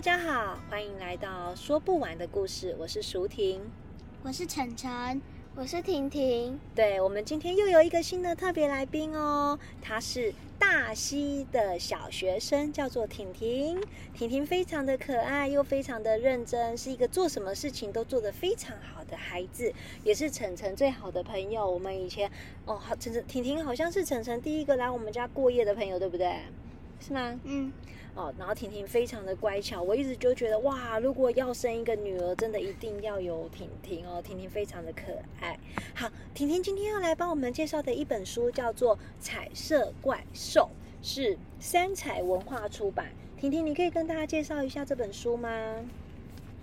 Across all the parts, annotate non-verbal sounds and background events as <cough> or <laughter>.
大家好，歡迎來到說不完的故事。我是淑婷，我是晨晨，我是婷婷。對，我們今天又有一個新的特別來賓哦，她是大溪的小學生，叫做婷婷。婷婷非常的可愛，又非常的認真，是一個做什麼事情都做得非常好的孩子，也是晨晨最好的朋友。我們以前哦，好，晨晨、婷婷好像是晨晨第一個來我們家過夜的朋友，對不對？是嗎？嗯。哦，然後婷婷非常的乖巧，我一直就覺得哇，如果要生一個女兒，真的一定要有婷婷哦，婷婷非常的可愛。好，婷婷今天要來幫我們介紹的一本書叫做《彩色怪獸》，是三彩文化出版。婷婷，你可以跟大家介紹一下這本書嗎？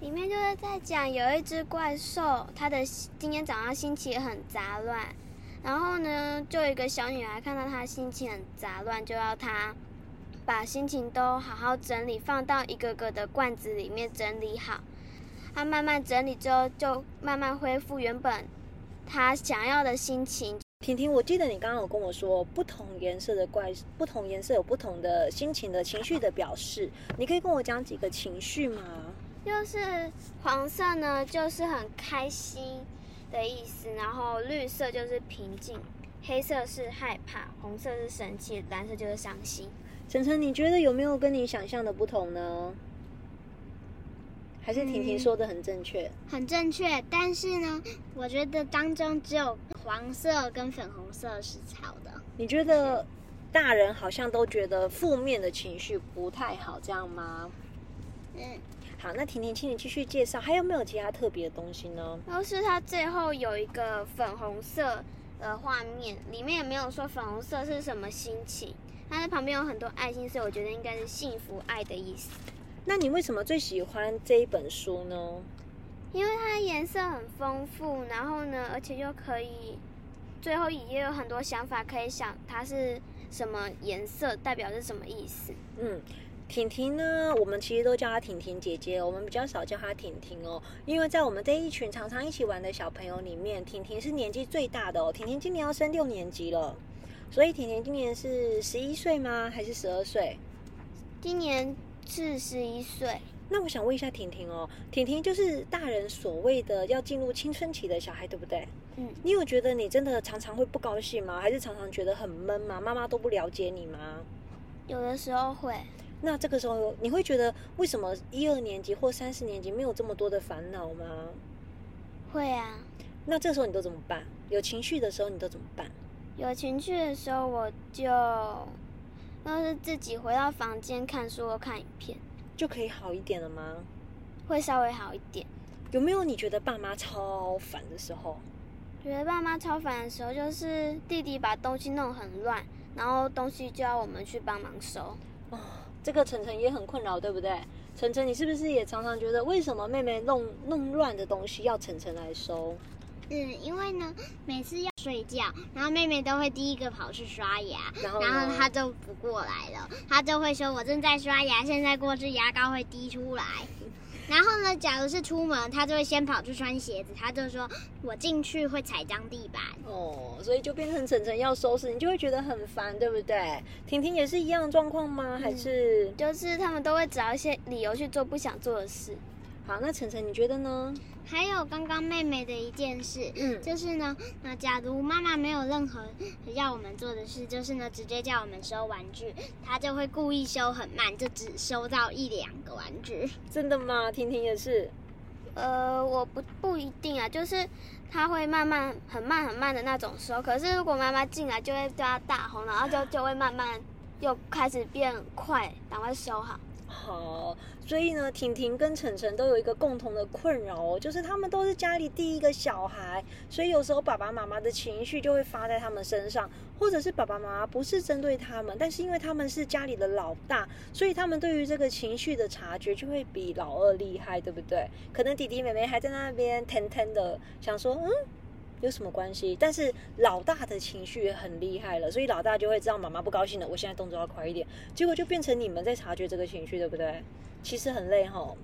裡面就是在講有一隻怪獸，它的今天早上心情很雜亂，然後呢，就有一個小女孩看到它心情很雜亂，就要它。把心情都好好整理，放到一個個的罐子裡面整理好。它、啊、慢慢整理之後，就慢慢恢復原本他想要的心情。婷婷，我記得你剛剛有跟我說，不同顏色的怪，不同顏色有不同的心情的情緒的表示。啊、你可以跟我講幾個情緒嗎？就是黃色呢，就是很開心的意思；然後綠色就是平靜，黑色是害怕，紅色是生氣，藍色就是傷心。晨晨，你覺得有沒有跟你想象的不同呢？還是婷婷說得很正確？嗯，很正確，但是呢，我覺得當中只有黃色跟粉紅色是好的。你覺得大人好像都覺得負面的情緒不太好，這樣嗎？嗯。好，那婷婷，請你繼續介紹，還有沒有其他特別的東西呢？都是它最後有一個粉紅色的畫面，裡面也沒有說粉紅色是什麼心情。它的旁邊有很多愛心，所以我覺得應該是幸福愛的意思。那你為什麼最喜歡這一本書呢？因為它的顏色很豐富，然後呢，而且又可以，最後也有很多想法可以想，它是什麼顏色代表是什麼意思？嗯，婷婷呢，我們其實都叫她婷婷姐姐，我們比較少叫她婷婷哦，因為在我們這一群常常一起玩的小朋友裡面，婷婷是年紀最大的哦。婷婷今年要升六年級了。所以婷婷今年是十一歲嗎？還是十二歲？今年是十一歲。那我想問一下婷婷喔，婷婷就是大人所謂的要進入青春期的小孩，對不對？嗯。你有覺得你真的常常會不高興嗎？還是常常覺得很悶嗎？媽媽都不了解你嗎？有的時候會。那這個時候你會覺得，為什麼一二年級或三四年級沒有這麼多的煩惱嗎？會啊。那這個時候你都怎麼辦？有情緒的時候你都怎麼辦？有情緒的時候，我就都是自己回到房間看書或看影片，就可以好一點了嗎？會稍微好一點。有沒有你覺得爸媽超煩的時候？覺得爸媽超煩的時候，就是弟弟把東西弄很亂，然後東西就要我們去幫忙收。哦，這個晨晨也很困擾，對不對？晨晨，你是不是也常常覺得為什麼妹妹弄弄亂的東西要晨晨來收？嗯，因為呢，每次要。睡覺，然後妹妹都會第一個跑去刷牙，然後，然後她就不過來了，她就會說：“我正在刷牙，現在過去牙膏會滴出來。”然後呢，假如是出門，她就會先跑去穿鞋子，她就說：“我進去會踩髒地板。”哦，所以就變成晨晨要收拾，你就會覺得很煩，對不對？婷婷也是一樣的狀況嗎？還是、嗯、就是他們都會找一些理由去做不想做的事。好，那晨晨，你覺得呢？還有剛剛妹妹的一件事，嗯，就是呢，那假如媽媽沒有任何要我們做的事，就是呢，直接叫我們收玩具，她就會故意收很慢，就只收到一兩個玩具。真的嗎？婷婷也是？呃，我不不一定啊，就是她會慢慢很慢很慢的那種收，可是如果媽媽進來，就會對她大吼，然後就就會慢慢又開始變快，趕快收好。好，所以呢，婷婷跟晨晨都有一個共同的困擾哦，就是他們都是家裡第一個小孩，所以有時候爸爸媽媽的情緒就會發在他們身上，或者是爸爸媽媽不是針對他們，但是因為他們是家裡的老大，所以他們對於這個情緒的察覺就會比老二厲害，對不對？可能弟弟妹妹還在那邊貪貪的想說，嗯。有什麼關係？但是老大的情緒很厲害了，所以老大就會知道媽媽不高興了。我現在動作要快一點，結果就變成你們在察覺這個情緒，對不對？其實很累齁，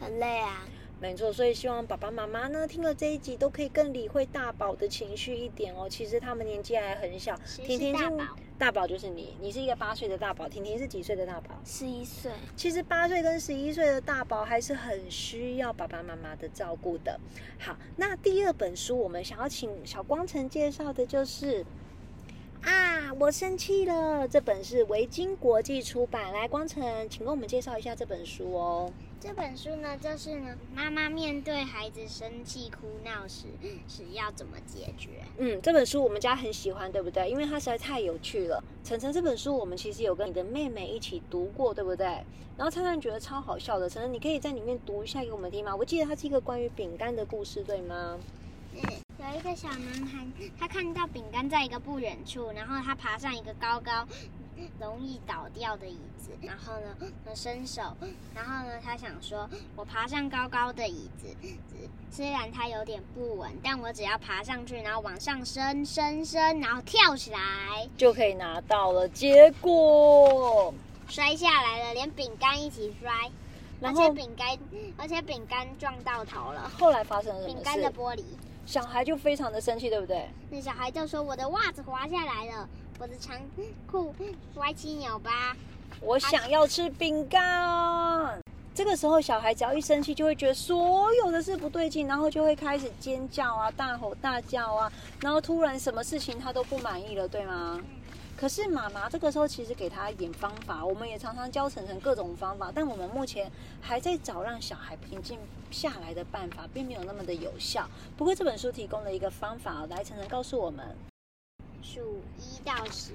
很累啊。沒錯，所以希望爸爸媽媽呢聽了這一集都可以更理會大寶的情緒一點哦。其實他們年紀還很小，亭亭是大寶亭亭是，大寶就是你，你是一個八歲的大寶，亭亭是幾歲的大寶？十一歲。其實八歲跟十一歲的大寶還是很需要爸爸媽媽的照顧的。好，那第二本書我們想要請小光城介紹的就是，啊，我生氣了。這本是維京國際出版，來，光城，請跟我們介紹一下這本書哦。這本書呢，就是呢，媽媽面對孩子生氣哭鬧時，是要怎麼解決？嗯，這本書我們家很喜歡，對不對？因為它實在太有趣了。晨晨，這本書我們其實有跟你的妹妹一起讀過，對不對？然後燦燦覺得超好笑的。晨晨，你可以在裡面讀一下給我們聽嗎？我記得它是一個關於餅乾的故事，對嗎？嗯，有一個小男孩，他看到餅乾在一個不遠處，然後他爬上一個高高。容易倒掉的椅子，然後呢，然後伸手，然後呢，他想說，我爬上高高的椅子，雖然它有點不穩，但我只要爬上去，然後往上升，升，升，然後跳起來就可以拿到了。結果摔下來了，連餅乾一起摔，然後而且餅乾、嗯，而且餅乾撞到頭了。後來發生了什麼？餅乾的玻璃，小孩就非常的生氣，對不對？那小孩就說，我的襪子滑下來了。我的長褲歪七扭八。啊、我想要吃餅乾哦。這個時候，小孩只要一生氣，就會覺得所有的事不對勁，然後就會開始尖叫啊，大吼大叫啊，然後突然什麼事情他都不滿意了，對嗎？可是媽媽這個時候其實給他一點方法，我們也常常教晨晨各種方法，但我們目前還在找讓小孩平靜下來的辦法，並沒有那麼的有效。不過這本書提供了一個方法，來晨晨告訴我們。數一到十，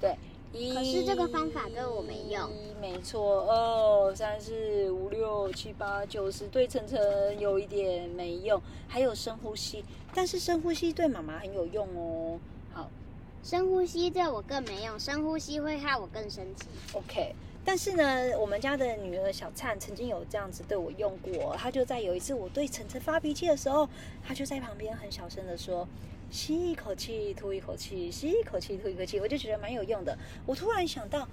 對，一。可是這個方法對我沒用。一沒錯，二、哦、三、四、五、六、七、八、九、十，對晨晨有一點沒用，還有深呼吸。但是深呼吸對媽媽很有用哦。好，深呼吸對我更沒用，深呼吸會害我更生氣。OK，但是呢，我們家的女兒小燦曾經有這樣子對我用過，她就在有一次我對晨晨發脾氣的時候，她就在旁邊很小聲的說。吸一口氣，吐一口氣，吸一口氣，吐一口氣，我就覺得蠻有用的。我突然想到，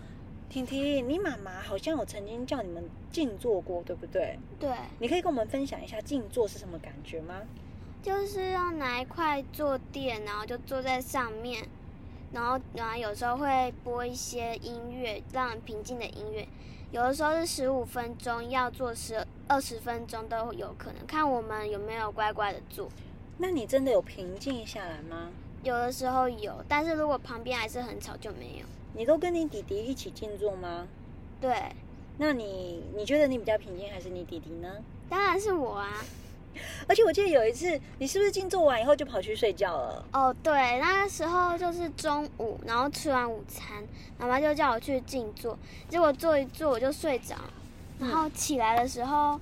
婷婷對，你媽媽好像有曾經叫你們靜坐過，對不對？對。你可以跟我們分享一下靜坐是什麼感覺嗎？就是要拿一塊坐墊，然後就坐在上面，然後然後有時候會播一些音樂，讓人平靜的音樂。有的時候是十五分鐘，要坐十二、二十分鐘都有可能，看我們有沒有乖乖的坐。那你真的有平靜下來嗎？有的時候有，但是如果旁邊還是很吵，就沒有。你都跟你弟弟一起靜坐嗎？對。那你你覺得你比較平靜還是你弟弟呢？當然是我啊。而且我記得有一次，你是不是靜坐完以後就跑去睡覺了？哦，對，那個時候就是中午，然後吃完午餐，媽媽就叫我去靜坐，結果坐一坐我就睡着，然後起來的時候。嗯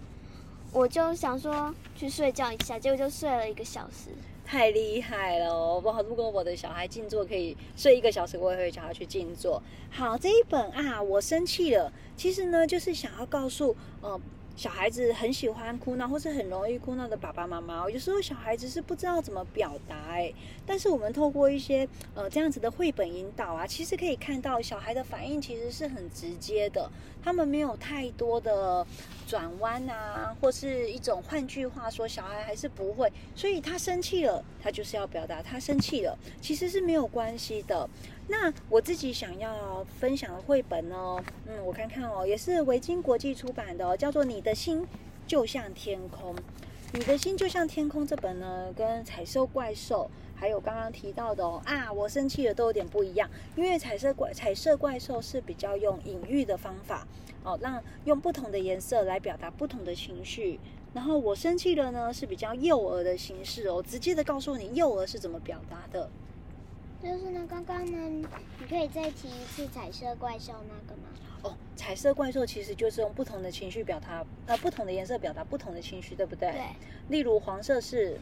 我就想說去睡覺一下，結果就睡了一個小時，太厲害了哦！如果我的小孩靜坐可以睡一個小時，我也會叫他去靜坐。好，這一本啊，我生氣了，其實呢，就是想要告訴呃。小孩子很喜歡哭鬧，或是很容易哭鬧的爸爸媽媽，有時候小孩子是不知道怎麼表達誒，但是我們透過一些，呃，這樣子的繪本引導啊，其實可以看到小孩的反應其實是很直接的，他們沒有太多的轉彎啊，或是一種換句話說，小孩還是不會，所以他生氣了，他就是要表達他生氣了，其實是沒有關係的。那我自己想要分享的繪本呢、哦？嗯，我看看哦，也是維京國際出版的、哦，叫做《你的心就像天空》。你的心就像天空這本呢，跟彩色怪獸還有剛剛提到的、哦、啊，我生氣了都有點不一樣。因為彩色怪彩色怪獸是比較用隱喻的方法哦，讓用不同的顏色來表達不同的情緒。然後我生氣了呢，是比較幼兒的形式哦，直接的告訴你幼兒是怎麼表達的。就是呢，剛剛呢，你可以再提一次彩色怪獸那個嗎？哦，彩色怪獸其實就是用不同的情緒表達，呃，不同的顏色表達不同的情緒，對不對？對。例如黃色是。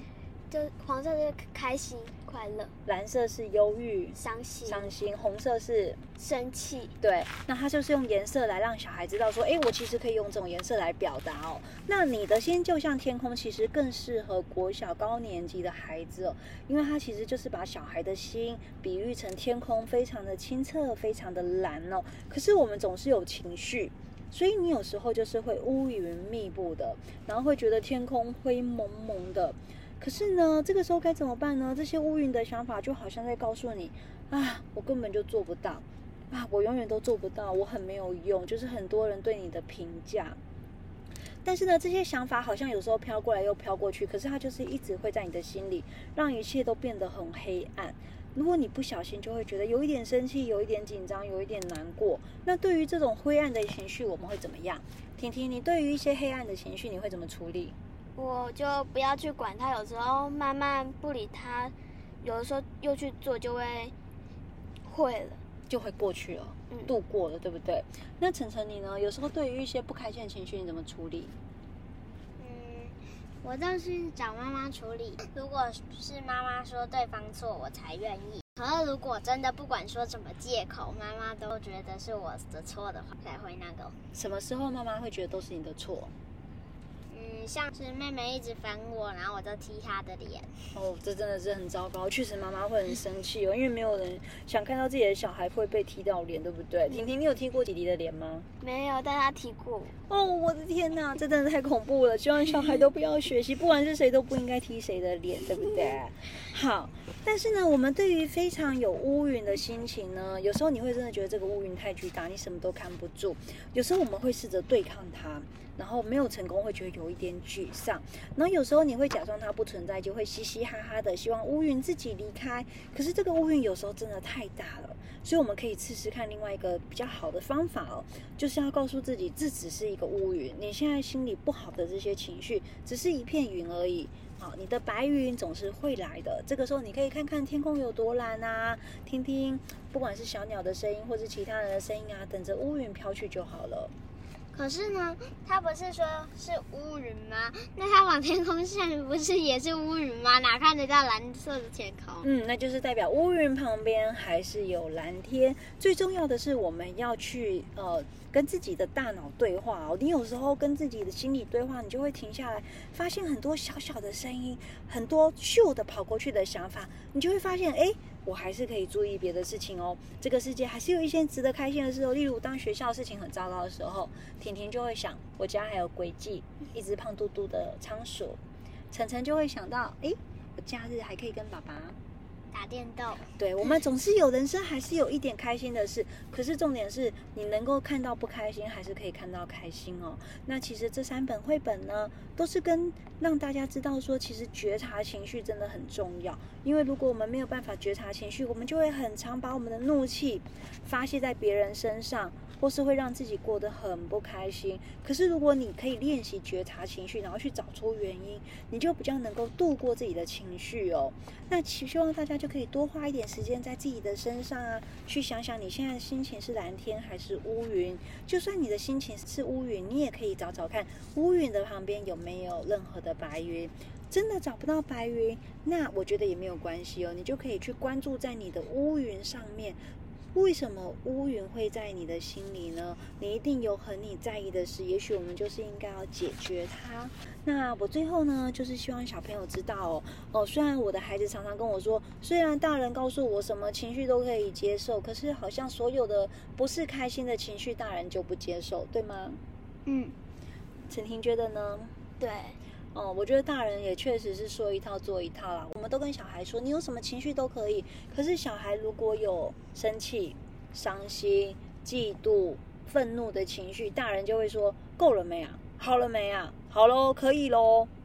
就黃色是開心快樂，藍色是憂鬱傷心傷心，紅色是生氣。對，那它就是用顏色來讓小孩知道說，欸，我其實可以用這種顏色來表達哦。那你的心就像天空，其實更適合國小高年級的孩子哦，因為它其實就是把小孩的心比喻成天空，非常的清澈，非常的藍哦。可是我們總是有情緒，所以你有時候就是會烏雲密布的，然後會覺得天空灰蒙蒙的。可是呢，這個時候該怎麼辦呢？這些烏雲的想法就好像在告訴你，啊，我根本就做不到，啊，我永遠都做不到，我很沒有用，就是很多人對你的評價。但是呢，這些想法好像有時候飄過來又飄過去，可是它就是一直會在你的心裡，讓一切都變得很黑暗。如果你不小心，就會覺得有一點生氣，有一點緊張，有一點難過。那對於這種灰暗的情緒，我們會怎麼樣？亭亭，你對於一些黑暗的情緒，你會怎麼處理？我就不要去管他，有時候慢慢不理他，有的時候又去做，就會會了，就會過去了，嗯、度過了，對不對？那晨晨你呢？有時候對於一些不開心的情緒，你怎麼處理？嗯，我倒是找媽媽處理，如果是媽媽說對方錯，我才願意。可是如果真的不管說什麼借口，媽媽都覺得是我的錯的話，才會那個。什麼時候媽媽會覺得都是你的錯？像是妹妹一直煩我，然後我就踢她的臉。哦，這真的是很糟糕，確實媽媽會很生氣哦， <laughs> 因為沒有人想看到自己的小孩會被踢到臉，對不對？婷、嗯、婷，你有踢過弟弟的臉嗎？沒有，但他踢過。哦，我的天哪，這真的太恐怖了！希望小孩都不要學習，不管是誰都不應該踢誰的臉，對不對？好，但是呢，我們對於非常有烏雲的心情呢，有時候你會真的覺得這個烏雲太巨大，你什麼都看不住。有時候我們會試着對抗它，然後沒有成功，會覺得有一點沮喪。然後有時候你會假裝它不存在，就會嘻嘻哈哈的，希望烏雲自己離開。可是這個烏雲有時候真的太大了。所以我們可以試試看另外一個比較好的方法哦，就是要告訴自己，這只是一個烏雲，你現在心裡不好的這些情緒只是一片雲而已。好，你的白雲總是會來的。這個時候你可以看看天空有多藍啊，聽聽不管是小鳥的聲音，或者其他人的聲音啊，等着烏雲飄去就好了。可是呢，他不是說是烏雲嗎？那他往天空線不是也是烏雲嗎？哪看得到藍色的天空？嗯，那就是代表烏雲旁邊還是有藍天。最重要的是，我們要去呃跟自己的大腦對話哦。你有時候跟自己的心理對話，你就會停下來，發現很多小小的聲音，很多咻的跑過去的想法，你就會發現哎。誒我還是可以注意別的事情哦。這個世界還是有一些值得開心的事哦，例如當學校的事情很糟糕的時候，亭亭就會想，我家還有軌跡，一隻胖嘟嘟的倉鼠；晨晨就會想到，哎，我假日還可以跟爸爸。打電動，對我們總是有人生，還是有一點開心的事。可是重點是你能夠看到不開心，還是可以看到開心哦。那其實這三本繪本呢，都是跟讓大家知道說，其實覺察情緒真的很重要。因為如果我們沒有辦法覺察情緒，我們就會很常把我們的怒氣發泄在別人身上。或是會讓自己過得很不開心。可是如果你可以練習覺察情緒，然後去找出原因，你就比較能夠度過自己的情緒哦。那其實希望大家就可以多花一點時間在自己的身上啊，去想想你現在的心情是藍天還是烏雲。就算你的心情是烏雲，你也可以找找看烏雲的旁邊有沒有任何的白雲。真的找不到白雲，那我覺得也沒有關係哦。你就可以去關注在你的烏雲上面。為什麼烏雲會在你的心裡呢？你一定有很你在意的事，也許我們就是應該要解決它。那我最後呢，就是希望小朋友知道哦哦，雖然我的孩子常常跟我說，雖然大人告訴我什麼情緒都可以接受，可是好像所有的不是開心的情緒，大人就不接受，對嗎？嗯，亭亭覺得呢？對。哦、嗯，我覺得大人也確實是說一套做一套啦。我們都跟小孩說，你有什麼情緒都可以。可是小孩如果有生氣、傷心、嫉妒、憤怒的情緒，大人就會說夠了沒啊，好了沒啊，好嘍，可以嘍，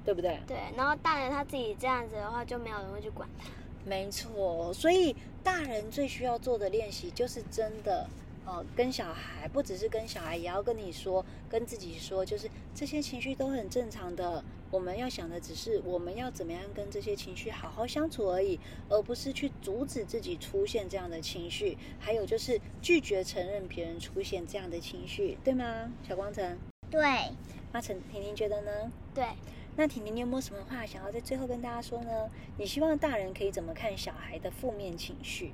對不對？對。然後大人他自己這樣子的話，就沒有人會去管他。沒錯。所以大人最需要做的練習，就是真的哦、嗯，跟小孩，不只是跟小孩，也要跟你說，跟自己說，就是這些情緒都很正常的，我們要想的只是我們要怎麼樣跟這些情緒好好相處而已，而不是去阻止自己出現這樣的情緒。還有就是拒絕承認別人出現這樣的情緒，對嗎？小光晨，對。那陳婷婷覺得呢？對。那婷婷，你有沒有什麼話想要在最後跟大家說呢？你希望大人可以怎麼看小孩的負面情緒？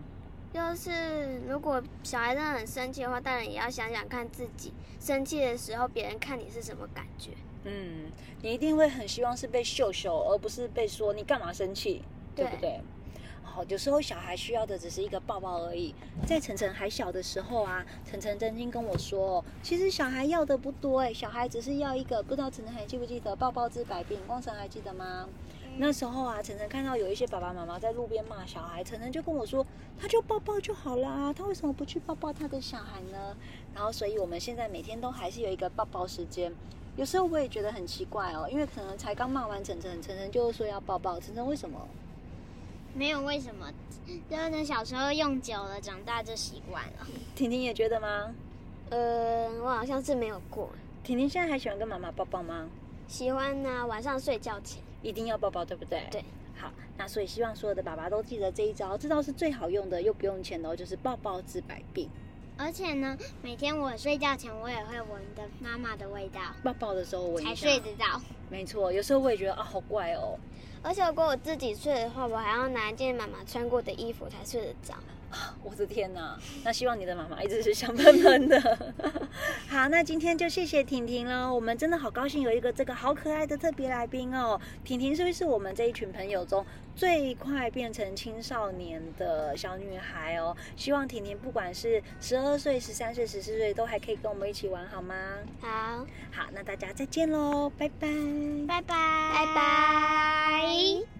就是如果小孩真的很生氣的話，大人也要想想看自己生氣的時候，別人看你是什麼感覺。嗯，你一定會很希望是被秀秀，而不是被說你幹嘛生氣，對，對不對？好，哦，有時候小孩需要的只是一個抱抱而已。在晨晨還小的時候啊，晨晨曾經跟我說，其實小孩要的不多哎，欸，小孩只是要一個不知道晨晨還記不記得“抱抱治百病”，光晨還記得嗎？嗯，那時候啊，晨晨看到有一些爸爸媽媽在路邊罵小孩，晨晨就跟我說，他就抱抱就好了，他為什麼不去抱抱他的小孩呢？然後，所以我們現在每天都還是有一個抱抱時間。有時候我也覺得很奇怪哦，因為可能才剛罵完晨晨，晨晨就說要抱抱晨晨，為什麼？沒有為什麼，因為呢，小時候用久了，長大就習慣了。婷婷也覺得嗎？嗯、呃，我好像是沒有過。婷婷現在還喜歡跟媽媽抱抱嗎？喜歡啊，晚上睡覺前一定要抱抱，對不對？對。好，那所以希望所有的爸爸都記得這一招，這招是最好用的，又不用錢的、哦、就是抱抱治百病。而且呢，每天我睡覺前，我也會聞的媽媽的味道。抱抱的時候我也才睡得到。沒錯，有時候我也覺得啊，好怪哦。而且如果我自己睡的話，我還要拿一件媽媽穿過的衣服才睡得着。我的天哪！那希望你的媽媽一直是香噴噴的。 <laughs> 好，那今天就謝謝婷婷嘍。我們真的好高興有一個這個好可愛的特別來賓哦。婷婷是不是我們這一群朋友中最快變成青少年的小女孩哦？希望婷婷不管是十二歲、十三歲、十四歲都還可以跟我們一起玩好嗎？好，好，那大家再見嘍，拜拜，拜拜，拜拜。